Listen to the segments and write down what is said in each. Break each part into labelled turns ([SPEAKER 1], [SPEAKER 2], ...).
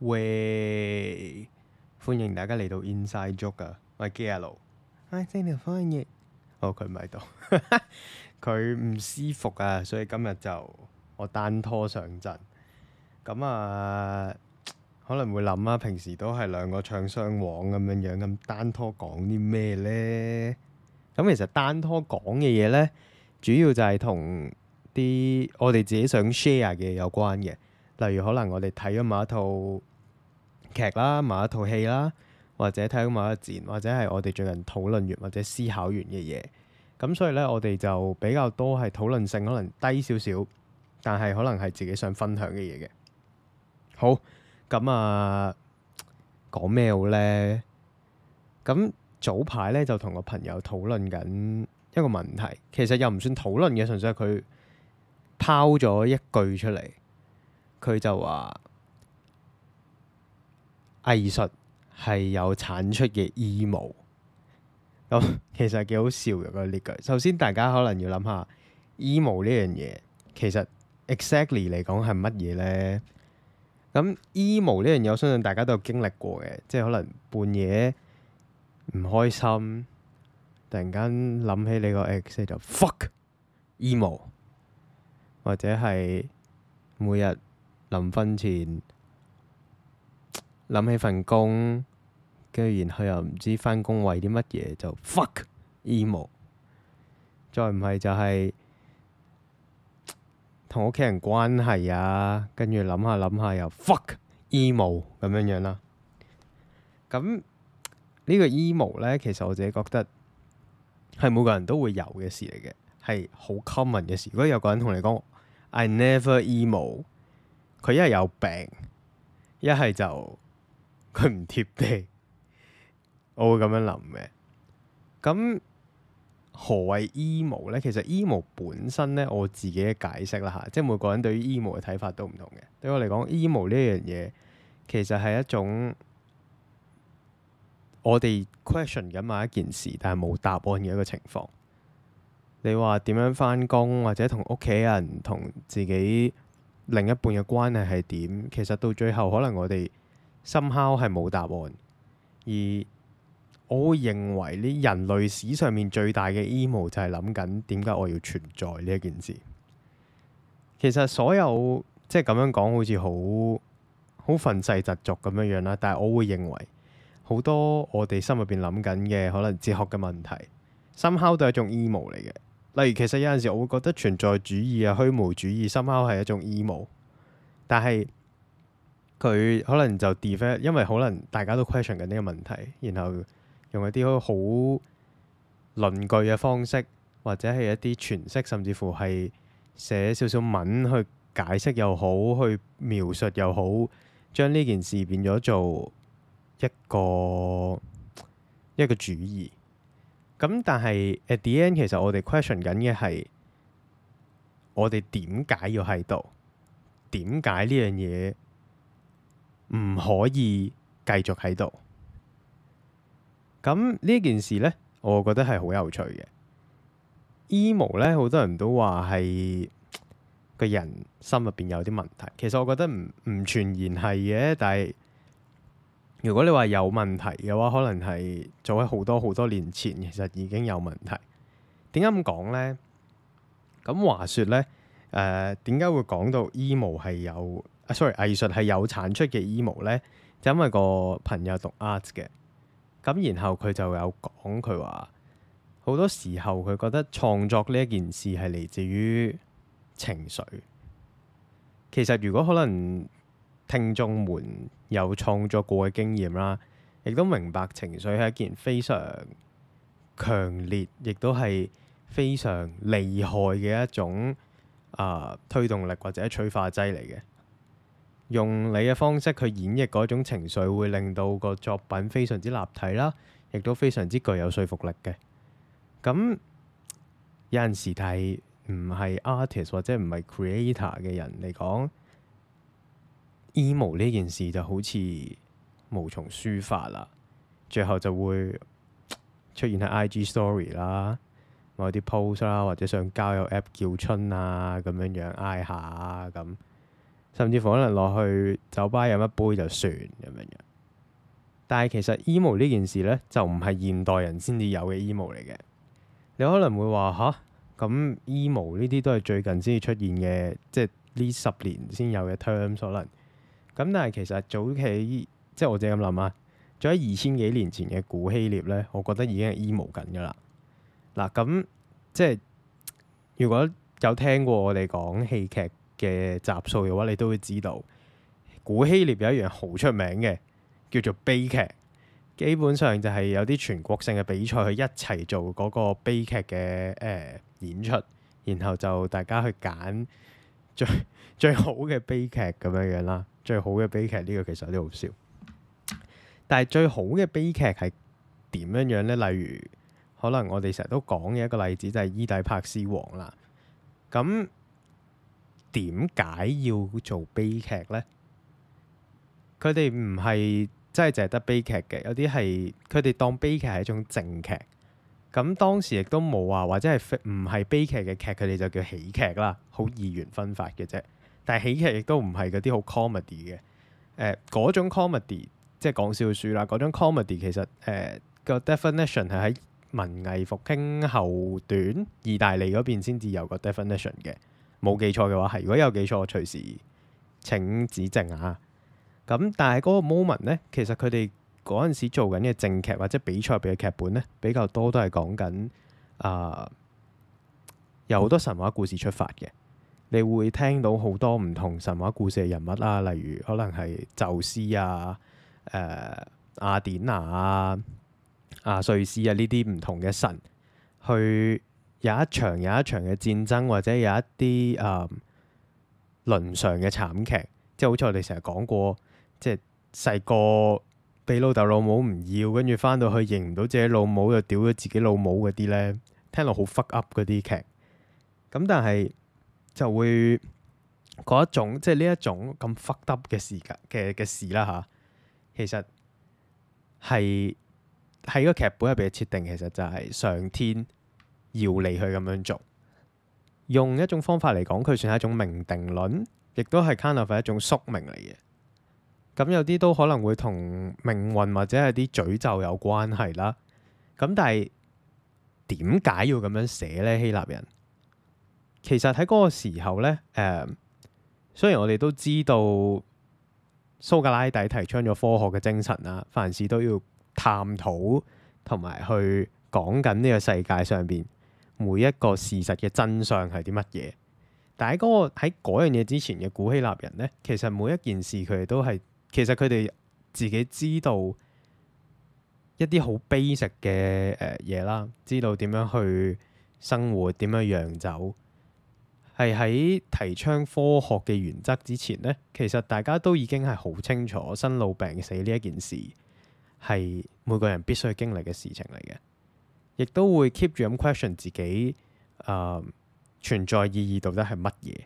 [SPEAKER 1] 喂，歡迎大家嚟到 Inside Joke 啊！我係 Gary，I think I find it。哦，佢唔喺度，佢唔舒服啊，所以今日就我單拖上陣。咁啊，可能會諗啊，平時都係兩個唱雙簧咁樣樣，咁單拖講啲咩咧？咁其實單拖講嘅嘢咧，主要就係同啲我哋自己想 share 嘅有關嘅，例如可能我哋睇咗某一套。劇啦，某一套戲啦，或者睇到某一截，或者係我哋最近討論完或者思考完嘅嘢。咁所以咧，我哋就比較多係討論性可能低少少，但係可能係自己想分享嘅嘢嘅。好，咁啊，講咩好咧？咁早排咧就同個朋友討論緊一個問題，其實又唔算討論嘅，純粹係佢拋咗一句出嚟，佢就話。藝術係有產出嘅 emo，咁 其實幾好笑嘅呢句。首先，大家可能要諗下 emo 呢樣嘢，其實 exactly 嚟講係乜嘢咧？咁 emo 呢樣嘢，我相信大家都有經歷過嘅，即係可能半夜唔開心，突然間諗起你個 ex 就 fuck emo，或者係每日臨瞓前。諗起份工，居然佢又唔知翻工為啲乜嘢，就 fuck emo，再唔係就係同屋企人關係啊，跟住諗下諗下又 fuck emo 咁樣樣啦。咁呢個 emo 咧，其實我自己覺得係每個人都會有嘅事嚟嘅，係好 common 嘅事。如果有個人同你講 I never emo，佢一係有病，一係就。佢唔貼地，我會咁樣諗嘅。咁何謂 emo 咧？其實 emo 本身咧，我自己嘅解釋啦吓，即係每個人對於 emo 嘅睇法都唔同嘅。對我嚟講，emo 呢樣嘢其實係一種我哋 question 緊某一件事，但係冇答案嘅一個情況。你話點樣返工，或者同屋企人、同自己另一半嘅關係係點？其實到最後，可能我哋 somehow 係冇答案，而我會認為呢，人類史上面最大嘅 emo 就係諗緊點解我要存在呢一件事。其實所有，即係咁樣講，好似好好憤世嫉俗咁樣樣啦。但係我會認為好多我哋心入邊諗緊嘅可能哲學嘅問題，somehow 都係一種 emo 嚟嘅。例如其實有陣時我會覺得存在主義啊、虛無主義，somehow 係一種 emo，但係。佢可能就 defend，因為可能大家都 question 緊呢個問題，然後用一啲好論據嘅方式，或者係一啲詮釋，甚至乎係寫少少文去解釋又好，去描述又好，將呢件事變咗做一個一個主義。咁但係 at the end，其實我哋 question 緊嘅係我哋點解要喺度？點解呢樣嘢？唔可以繼續喺度。咁呢件事咧，我覺得係好有趣嘅。emo 咧，好多人都話係個人心入邊有啲問題。其實我覺得唔唔全然係嘅，但係如果你話有問題嘅話，可能係早喺好多好多年前其實已經有問題。點解咁講咧？咁話說咧，誒點解會講到 emo 係有？啊，sorry，藝術係有產出嘅。emo 咧，就是、因為個朋友讀 art 嘅，咁然後佢就有講，佢話好多時候佢覺得創作呢一件事係嚟自於情緒。其實如果可能聽眾們有創作過嘅經驗啦，亦都明白情緒係一件非常強烈，亦都係非常厲害嘅一種啊、呃、推動力或者催化劑嚟嘅。用你嘅方式去演繹嗰種情緒會令到個作品非常之立體啦，亦都非常之具有說服力嘅。咁有陣時睇唔係 artist 或者唔係 creator 嘅人嚟講 emo 呢件事就好似無從抒發啦，最後就會出現喺 IG story 啦，某啲 post 啦，或者上交友 app 叫春啊咁樣樣嗌下啊咁。甚至乎可能落去酒吧飲一杯就算咁樣樣，但係其實 emo 呢件事咧就唔係現代人先至有嘅 emo 嚟嘅。你可能會話吓，咁 emo 呢啲都係最近先至出現嘅，即係呢十年先有嘅 term 可能。咁但係其實早期即係我自己咁諗啊，早在二千幾年前嘅古希臘咧，我覺得已經係 emo 緊㗎啦。嗱咁即係如果有聽過我哋講戲劇嘅集數嘅話，你都會知道古希臘有一樣好出名嘅叫做悲劇，基本上就係有啲全國性嘅比賽，去一齊做嗰個悲劇嘅誒演出，然後就大家去揀最最好嘅悲劇咁樣樣啦，最好嘅悲劇呢個其實有啲好笑，但係最好嘅悲劇係點樣樣呢？例如可能我哋成日都講嘅一個例子就係、是《伊底帕斯王》啦，咁。點解要做悲劇呢？佢哋唔係真係淨係得悲劇嘅，有啲係佢哋當悲劇係一種正劇。咁當時亦都冇話或者係唔係悲劇嘅劇，佢哋就叫喜劇啦，好二元分法嘅啫。但係喜劇亦都唔係嗰啲好 comedy 嘅。誒、呃，嗰種 comedy 即係講笑書啦。嗰種 comedy 其實誒、呃嗰個 definition 係喺文藝復興後段，意大利嗰邊先至有個 definition 嘅。冇記錯嘅話係，如果有記錯，隨時請指正啊。咁但係嗰個 moment 咧，其實佢哋嗰陣時做緊嘅正劇或者比賽入面嘅劇本咧，比較多都係講緊啊，由、呃、好多神話故事出發嘅，你會聽到好多唔同神話故事嘅人物啊，例如可能係宙斯啊、誒、呃、雅典娜啊、阿瑞斯啊呢啲唔同嘅神去。有一場有一場嘅戰爭，或者有一啲誒倫常嘅慘劇，即係好似我哋成日講過，即係細個俾老豆老母唔要，跟住翻到去認唔到自己老母，又屌咗自己老母嗰啲咧，聽落好 fuck up 嗰啲劇。咁但係就會嗰一種，即係呢一種咁 fuck up 嘅事嘅嘅事啦嚇、啊。其實係喺個劇本入邊設定，其實就係上天。要你去咁樣做，用一種方法嚟講，佢算係一種命定論，亦都係卡納法一種宿命嚟嘅。咁、嗯、有啲都可能會同命運或者係啲詛咒有關係啦。咁、嗯、但係點解要咁樣寫咧？希臘人其實喺嗰個時候咧，誒、嗯，雖然我哋都知道蘇格拉底提倡咗科學嘅精神啦，凡事都要探討同埋去講緊呢個世界上面。每一個事實嘅真相係啲乜嘢？但係喺嗰個喺嗰樣嘢之前嘅古希臘人咧，其實每一件事佢哋都係，其實佢哋自己知道一啲好 basic 嘅誒嘢啦，知道點樣去生活，點樣樣走。係喺提倡科學嘅原則之前咧，其實大家都已經係好清楚生老病死呢一件事係每個人必須經歷嘅事情嚟嘅。亦都會 keep 住咁 question 自己，誒、呃、存在意義到底係乜嘢？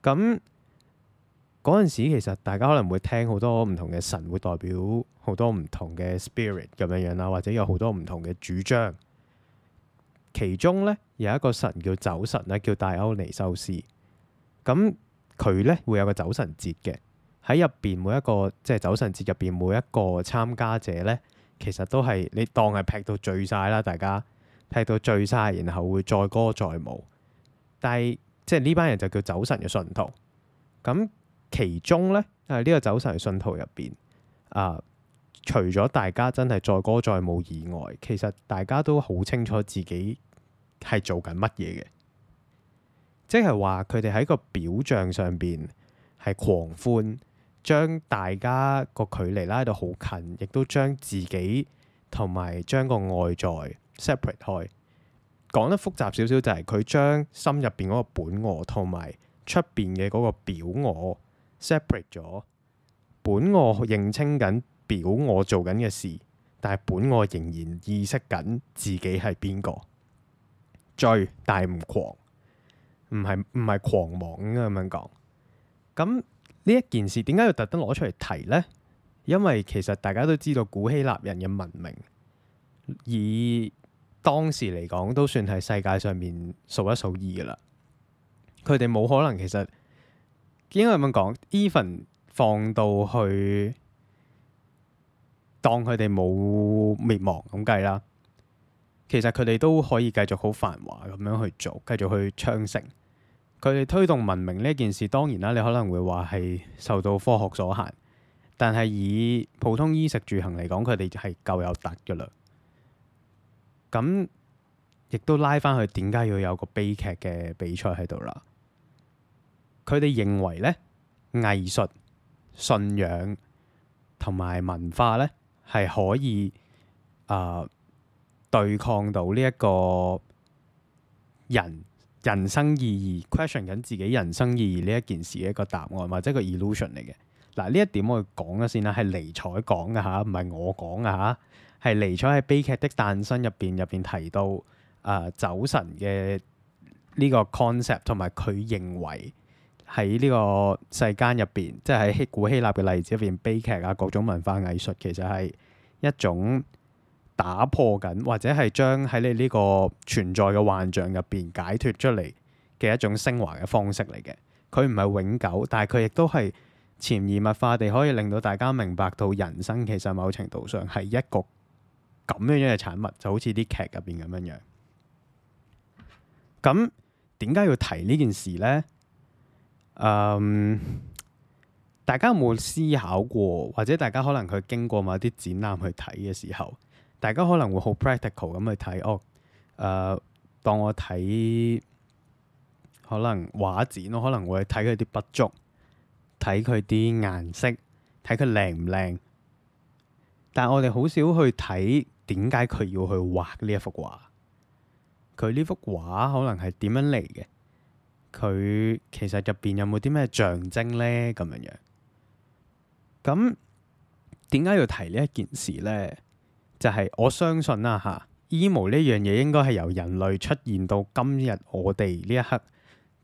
[SPEAKER 1] 咁嗰陣時，其實大家可能會聽好多唔同嘅神，會代表好多唔同嘅 spirit 咁樣樣啦，或者有好多唔同嘅主張。其中咧有一個神叫酒神咧，叫戴歐尼修斯。咁佢咧會有個酒神節嘅，喺入邊每一個即係酒神節入邊每一個參加者咧。其實都係你當係劈到醉晒啦，大家劈到醉晒，然後會載歌載舞。但係即係呢班人就叫走神嘅信徒。咁其中咧啊，呢、呢個走神嘅信徒入邊啊，除咗大家真係載歌載舞以外，其實大家都好清楚自己係做緊乜嘢嘅。即係話佢哋喺個表象上邊係狂歡。將大家個距離拉到好近，亦都將自己同埋將個外在 separate 開。講得複雜少少就係佢將心入邊嗰個本我同埋出邊嘅嗰個表我 separate 咗。本我認清緊表我做緊嘅事，但係本我仍然意識緊自己係邊個，醉但係唔狂，唔係唔係狂妄咁樣講。咁。呢一件事點解要特登攞出嚟提呢？因為其實大家都知道古希臘人嘅文明，以當時嚟講都算係世界上面數一數二噶啦。佢哋冇可能，其實應該咁講，even 放到去當佢哋冇滅亡咁計啦，其實佢哋都可以繼續好繁華咁樣去做，繼續去昌盛。佢哋推動文明呢件事，當然啦，你可能會話係受到科學所限，但係以普通衣食住行嚟講，佢哋係夠有突㗎啦。咁亦都拉返去點解要有個悲劇嘅比賽喺度啦？佢哋認為咧，藝術、信仰同埋文化咧，係可以啊、呃、對抗到呢一個人。人生意義 question 緊自己人生意義呢一件事嘅一個答案，或者個 illusion 嚟嘅。嗱呢一點我講咗先啦，係尼采講嘅吓，唔係我講嘅吓，係尼采喺《悲劇的誕生》入邊入邊提到，誒、呃、酒神嘅呢個 concept 同埋佢認為喺呢個世間入邊，即係喺希古希臘嘅例子入邊，悲劇啊、各種文化藝術其實係一種。打破緊，或者係將喺你呢個存在嘅幻象入邊解脫出嚟嘅一種升華嘅方式嚟嘅。佢唔係永久，但係佢亦都係潛移默化地可以令到大家明白到人生其實某程度上係一個咁樣樣嘅產物，就好似啲劇入邊咁樣樣。咁點解要提呢件事呢？嗯，大家有冇思考過，或者大家可能佢經過某啲展覽去睇嘅時候？大家可能會好 practical 咁去睇哦，誒、呃，當我睇可能畫展，我可能會睇佢啲不足，睇佢啲顏色，睇佢靚唔靚。但係我哋好少去睇點解佢要去畫呢一幅畫，佢呢幅畫可能係點樣嚟嘅？佢其實入邊有冇啲咩象徵咧？咁樣樣，咁點解要提呢一件事咧？就係我相信啦嚇，emo 呢樣嘢應該係由人類出現到今日我哋呢一刻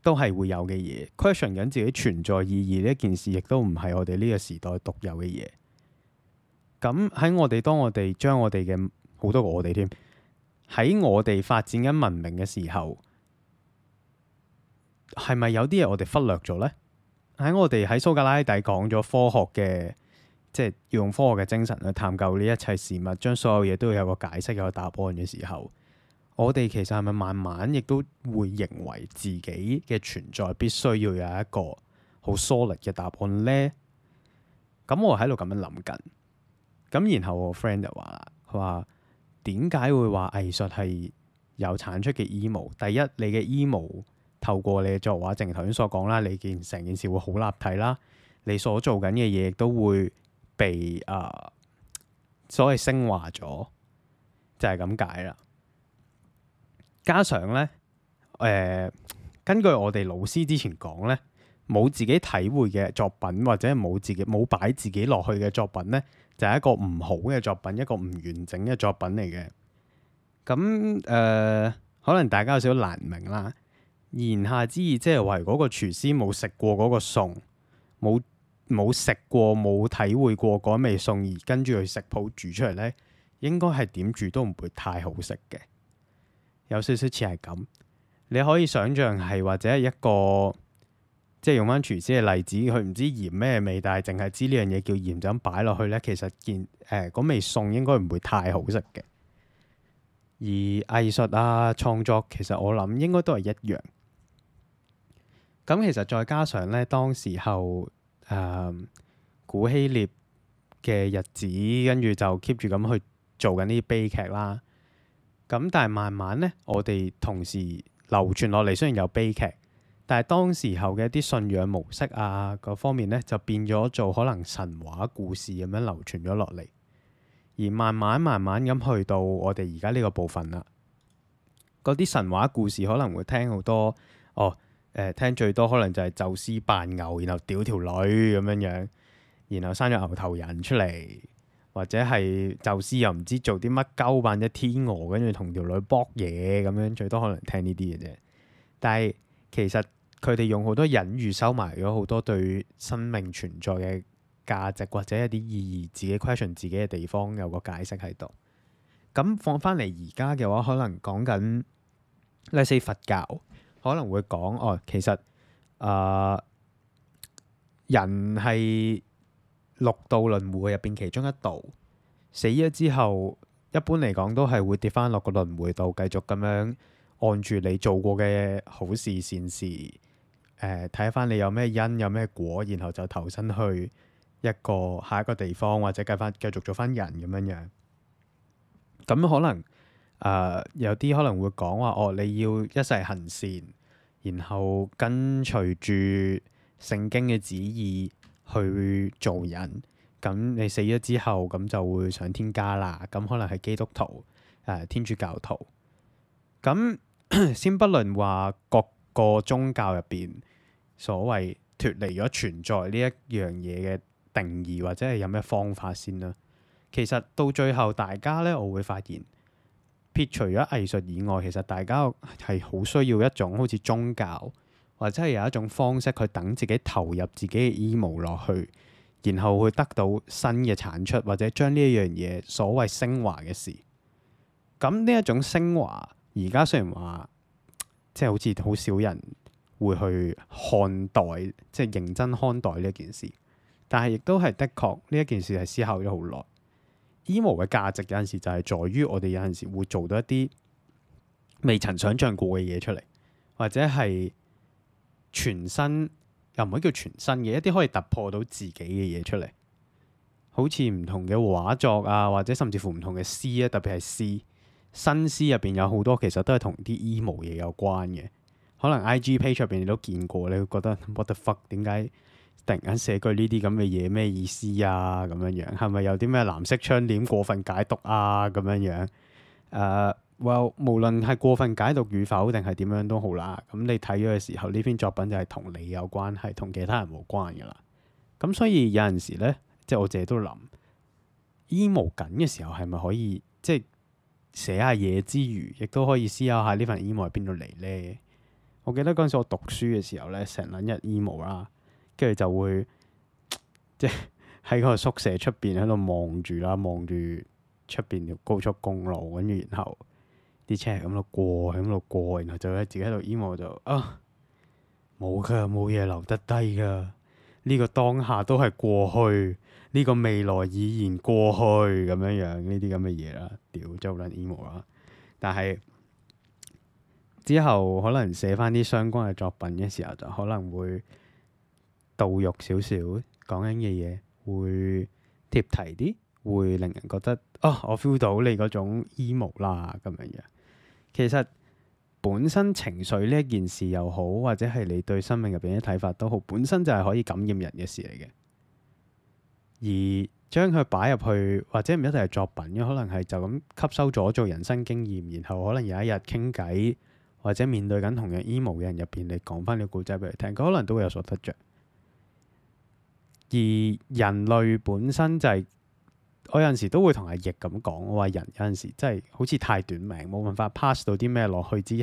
[SPEAKER 1] 都係會有嘅嘢。question 緊自己存在意義呢一件事，亦都唔係我哋呢個時代獨有嘅嘢。咁喺我哋當我哋將我哋嘅好多我哋添，喺我哋發展緊文明嘅時候，係咪有啲嘢我哋忽略咗咧？喺我哋喺蘇格拉底講咗科學嘅。即係用科學嘅精神去探究呢一切事物，將所有嘢都要有個解釋，有個答案嘅時候，我哋其實係咪慢慢亦都會認為自己嘅存在必須要有一個好 solid 嘅答案咧？咁我喺度咁樣諗緊，咁然後我 friend 就話啦，佢話點解會話藝術係有產出嘅 emo 第一，你嘅 emo 透過你嘅作畫，正如頭先所講啦，你件成件事會好立體啦，你所做緊嘅嘢都會。被啊、呃，所謂升華咗就係、是、咁解啦。加上咧，誒、呃，根據我哋老師之前講咧，冇自己體會嘅作品，或者冇自己冇擺自己落去嘅作品咧，就係、是、一個唔好嘅作品，一個唔完整嘅作品嚟嘅。咁誒、呃，可能大家有少少難明啦。言下之意，即係話如果個廚師冇食過嗰個餸，冇。冇食過，冇體會過嗰味餸，而跟住去食譜煮出嚟咧，應該係點煮都唔會太好食嘅。有少少似係咁，你可以想象係或者係一個即係用翻廚師嘅例子，佢唔知鹽咩味，但係淨係知呢樣嘢叫鹽，就咁擺落去咧，其實件誒嗰味餸應該唔會太好食嘅。而藝術啊，創作其實我諗應該都係一樣。咁其實再加上咧，當時候。誒、嗯、古希臘嘅日子，跟住就 keep 住咁去做緊呢啲悲劇啦。咁但係慢慢咧，我哋同時流傳落嚟，雖然有悲劇，但係當時候嘅一啲信仰模式啊，各方面咧，就變咗做可能神話故事咁樣流傳咗落嚟。而慢慢慢慢咁去到我哋而家呢個部分啦，嗰啲神話故事可能會聽好多哦。誒，聽最多可能就係宙斯扮牛，然後屌條女咁樣樣，然後生咗牛頭人出嚟，或者係宙斯又唔知做啲乜鳩，扮咗天鵝，跟住同條女卜嘢咁樣，最多可能聽呢啲嘅啫。但係其實佢哋用好多隱喻收埋咗好多對生命存在嘅價值或者一啲意義，自己 question 自己嘅地方有個解釋喺度。咁放翻嚟而家嘅話，可能講緊例如佛教。可能會講哦，其實啊、呃，人係六道輪迴入邊其中一道，死咗之後，一般嚟講都係會跌翻落個輪迴度，繼續咁樣按住你做過嘅好事善事，誒睇翻你有咩因有咩果，然後就投身去一個下一個地方，或者繼翻繼續做翻人咁樣樣，咁可能。誒、uh, 有啲可能會講話，哦，你要一世行善，然後跟隨住聖經嘅旨意去做人。咁你死咗之後，咁就會上天家啦。咁可能係基督徒，誒、呃、天主教徒。咁 先不論話各個宗教入邊所謂脫離咗存在呢一樣嘢嘅定義，或者係有咩方法先啦。其實到最後，大家咧，我會發現。撇除咗藝術以外，其實大家係好需要一種好似宗教，或者係有一種方式，去等自己投入自己嘅 EMO 落去，然後去得到新嘅產出，或者將呢一樣嘢所謂升華嘅事。咁呢一種升華，而家雖然話即係好似好少人會去看待，即係認真看待呢一件事，但係亦都係的確呢一件事係思考咗好耐。emo 嘅價值有陣時就係在於我哋有陣時會做到一啲未曾想像過嘅嘢出嚟，或者係全新又唔可以叫全新嘅一啲可以突破到自己嘅嘢出嚟，好似唔同嘅畫作啊，或者甚至乎唔同嘅詩啊，特別係詩，新詩入邊有好多其實都係同啲 emo 嘢有關嘅，可能 IG page 入邊你都見過，你會覺得 what the fuck 點解？突然間寫句呢啲咁嘅嘢，咩意思啊？咁樣樣係咪有啲咩藍色窗簾過分解讀啊？咁樣樣誒、呃，無論係過分解讀與否，定係點樣都好啦。咁、嗯、你睇咗嘅時候，呢篇作品就係同你有關係，同其他人冇關噶啦。咁、嗯、所以有陣時咧，即係我自己都諗，emo 緊嘅時候係咪可以即係寫下嘢之餘，亦都可以思考下份呢份 emo 係邊度嚟咧？我記得嗰陣時我讀書嘅時候咧，成撚日 emo 啦。跟住就會即係喺個宿舍出邊喺度望住啦，望住出邊條高速公路，跟住然後啲車係咁度過，係咁度過，然後就自己喺度 emo 就啊冇噶，冇嘢留得低噶。呢個當下都係過去，呢個未來已然過去咁樣樣呢啲咁嘅嘢啦。屌，真係好撚 emo 啦。但係之後可能寫翻啲相關嘅作品嘅時候，就可能會。道肉少少講緊嘅嘢，會貼題啲，會令人覺得哦，我 feel 到你嗰種 emo 啦咁樣樣。其實本身情緒呢一件事又好，或者係你對生命入邊啲睇法都好，本身就係可以感染人嘅事嚟嘅。而將佢擺入去，或者唔一定係作品，可能係就咁吸收咗做人生經驗，然後可能有一日傾偈或者面對緊同樣 emo 嘅人入邊，你講翻個故仔俾佢聽，佢可能都會有所得着。而人類本身就係、是，我有陣時都會同阿譯咁講，我話人有陣時真係好似太短命，冇辦法 pass 到啲咩落去之，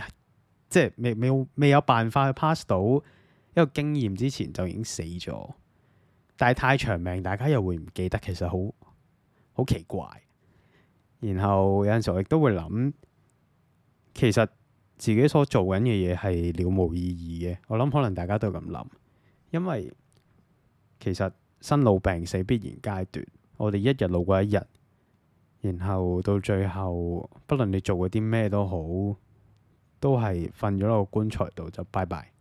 [SPEAKER 1] 即係未未未有辦法去 pass 到一個經驗之前就已經死咗。但係太長命，大家又會唔記得，其實好好奇怪。然後有陣時我亦都會諗，其實自己所做緊嘅嘢係了無意義嘅。我諗可能大家都咁諗，因為其實。生老病死必然階段，我哋一日老過一日，然後到最後，不論你做過啲咩都好，都係瞓咗落個棺材度就拜拜，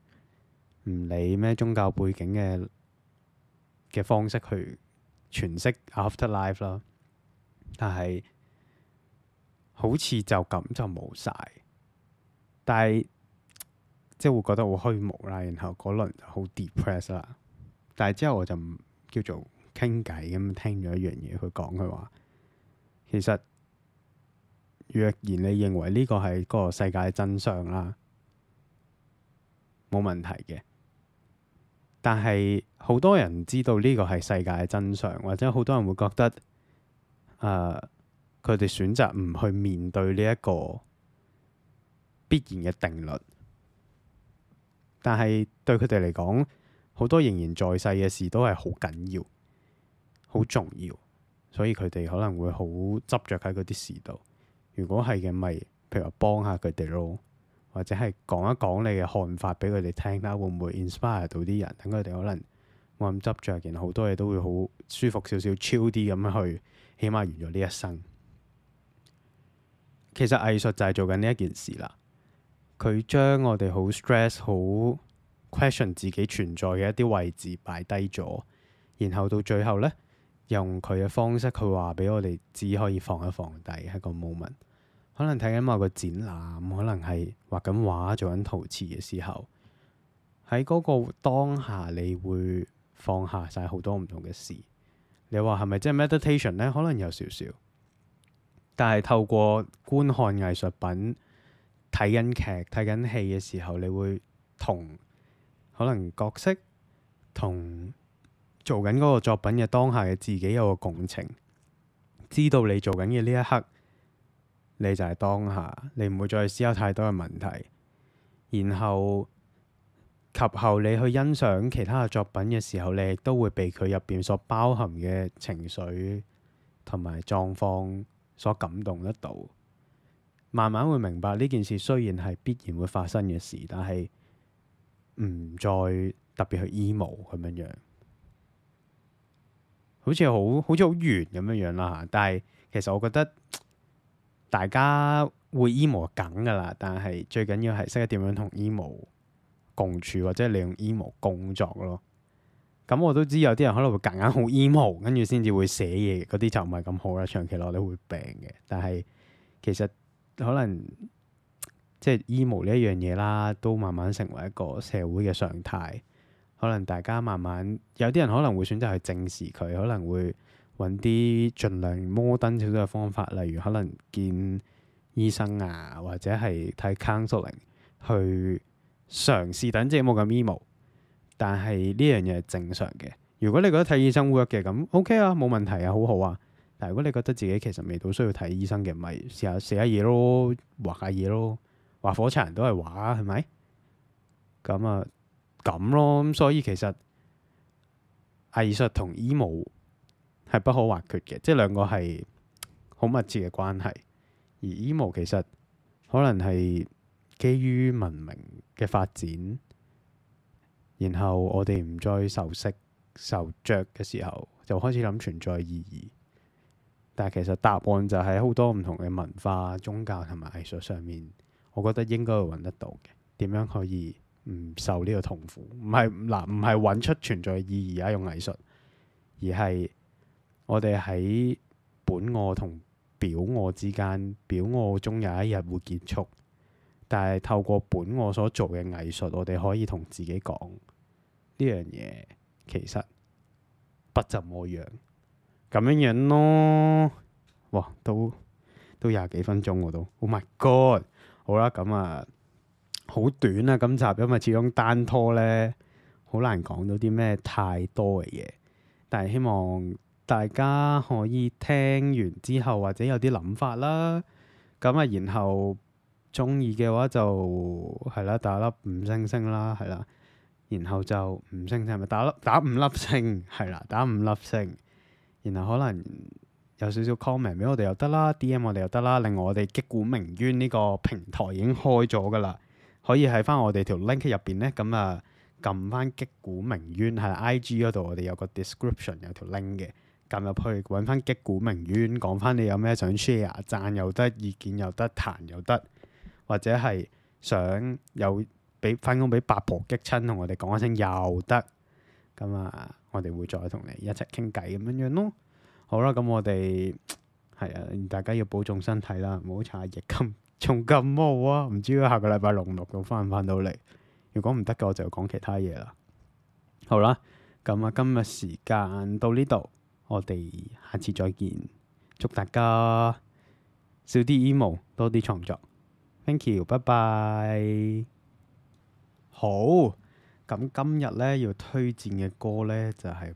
[SPEAKER 1] 唔理咩宗教背景嘅嘅方式去詮釋 after life 啦，但係好似就咁就冇晒，但係即係會覺得好虛無啦，然後嗰輪就好 depressed 啦，但係之後我就唔～叫做傾偈咁，聽咗一樣嘢，佢講，佢話，其實若然你認為呢個係個世界嘅真相啦，冇問題嘅。但係好多人知道呢個係世界嘅真相，或者好多人會覺得，誒、呃，佢哋選擇唔去面對呢一個必然嘅定律，但係對佢哋嚟講。好多仍然在世嘅事都係好緊要、好重要，所以佢哋可能會好執着喺嗰啲事度。如果係嘅，咪譬如話幫下佢哋咯，或者係講一講你嘅看法俾佢哋聽啦，會唔會 inspire 到啲人，等佢哋可能冇咁執着，然後好多嘢都會好舒服少少、超啲咁去，起碼完咗呢一生。其實藝術就係做緊呢一件事啦，佢將我哋好 stress 好。Question 自己存在嘅一啲位置擺低咗，然後到最後咧，用佢嘅方式去，佢話俾我哋只可以放一放低一個 moment。可能睇緊某個展覽，可能係畫緊畫做緊陶瓷嘅時候，喺嗰個當下，你會放下晒好多唔同嘅事。你話係咪即係 meditation 咧？可能有少少，但係透過觀看藝術品、睇緊劇睇緊戲嘅時候，你會同。可能角色同做緊嗰個作品嘅當下嘅自己有個共情，知道你做緊嘅呢一刻，你就係當下，你唔會再思考太多嘅問題，然後及後你去欣賞其他嘅作品嘅時候，你亦都會被佢入邊所包含嘅情緒同埋狀況所感動得到。慢慢會明白呢件事雖然係必然會發生嘅事，但係。唔再特別去 emo 咁樣樣，好似好好似好圓咁樣樣啦，但係其實我覺得大家會 emo 梗㗎喇，但係最緊要係識得點樣同 emo 共處，或者利用 emo 工作咯。咁我都知有啲人可能會夾硬好 emo，跟住先至會寫嘢嗰啲就唔係咁好啦。長期落嚟會病嘅。但係其實可能。即係 emo 呢一樣嘢啦，都慢慢成為一個社會嘅常態。可能大家慢慢有啲人可能會選擇去正視佢，可能會揾啲盡量摩登少少嘅方法，例如可能見醫生啊，或者係睇 counseling 去嘗試等自己冇咁 emo。但係呢樣嘢係正常嘅。如果你覺得睇醫生 work 嘅咁，OK 啊，冇問題啊，好好啊。但如果你覺得自己其實未到需要睇醫生嘅，咪試下寫下嘢咯，畫下嘢咯。畫火柴人都係畫，係咪咁啊？咁咯咁，所以其實藝術同 emo 係不可或缺嘅，即係兩個係好密切嘅關係。而 emo 其實可能係基於文明嘅發展，然後我哋唔再受色受着嘅時候，就開始諗存在意義。但係其實答案就喺好多唔同嘅文化、宗教同埋藝術上面。我覺得應該會揾得到嘅。點樣可以唔受呢個痛苦？唔係嗱，唔係揾出存在意義啊，而用藝術而係我哋喺本我同表我之間，表我終有一日會結束。但係透過本我所做嘅藝術，我哋可以同自己講呢樣嘢。其實不怎麼樣咁樣樣咯。哇，都都廿幾分鐘我都。Oh my god！好啦，咁啊，好短啊，今集，因為始終單拖咧，好難講到啲咩太多嘅嘢。但係希望大家可以聽完之後，或者有啲諗法啦。咁啊，然後鍾意嘅話就係啦、啊，打粒五星星啦，係啦、啊。然後就五星星係咪？打粒打五粒星係啦、啊，打五粒星。然後可能。有少少 comment 俾我哋又得啦，D.M 我哋又得啦。另外我哋擊鼓鳴冤呢個平台已經開咗㗎啦，可以喺翻我哋條 link 入邊咧，咁啊撳翻擊鼓鳴冤喺 I.G 嗰度，我哋有個 description 有條 link 嘅，撳入去揾翻擊鼓鳴冤，講翻你有咩想 share，讚又得，意見又得，彈又得，或者係想有俾翻工俾八婆激親，同我哋講一聲又得，咁啊我哋會再同你一齊傾偈咁樣樣咯。好啦，咁我哋係啊，大家要保重身體啦，唔好查疫咁仲感冒啊！唔知下個禮拜六六都翻唔翻到嚟？如果唔得嘅，我就講其他嘢啦。好啦，咁啊，今日時間到呢度，我哋下次再見，祝大家少啲 emo，多啲創作，thank you，拜拜。好，咁今日咧要推薦嘅歌咧就係、是。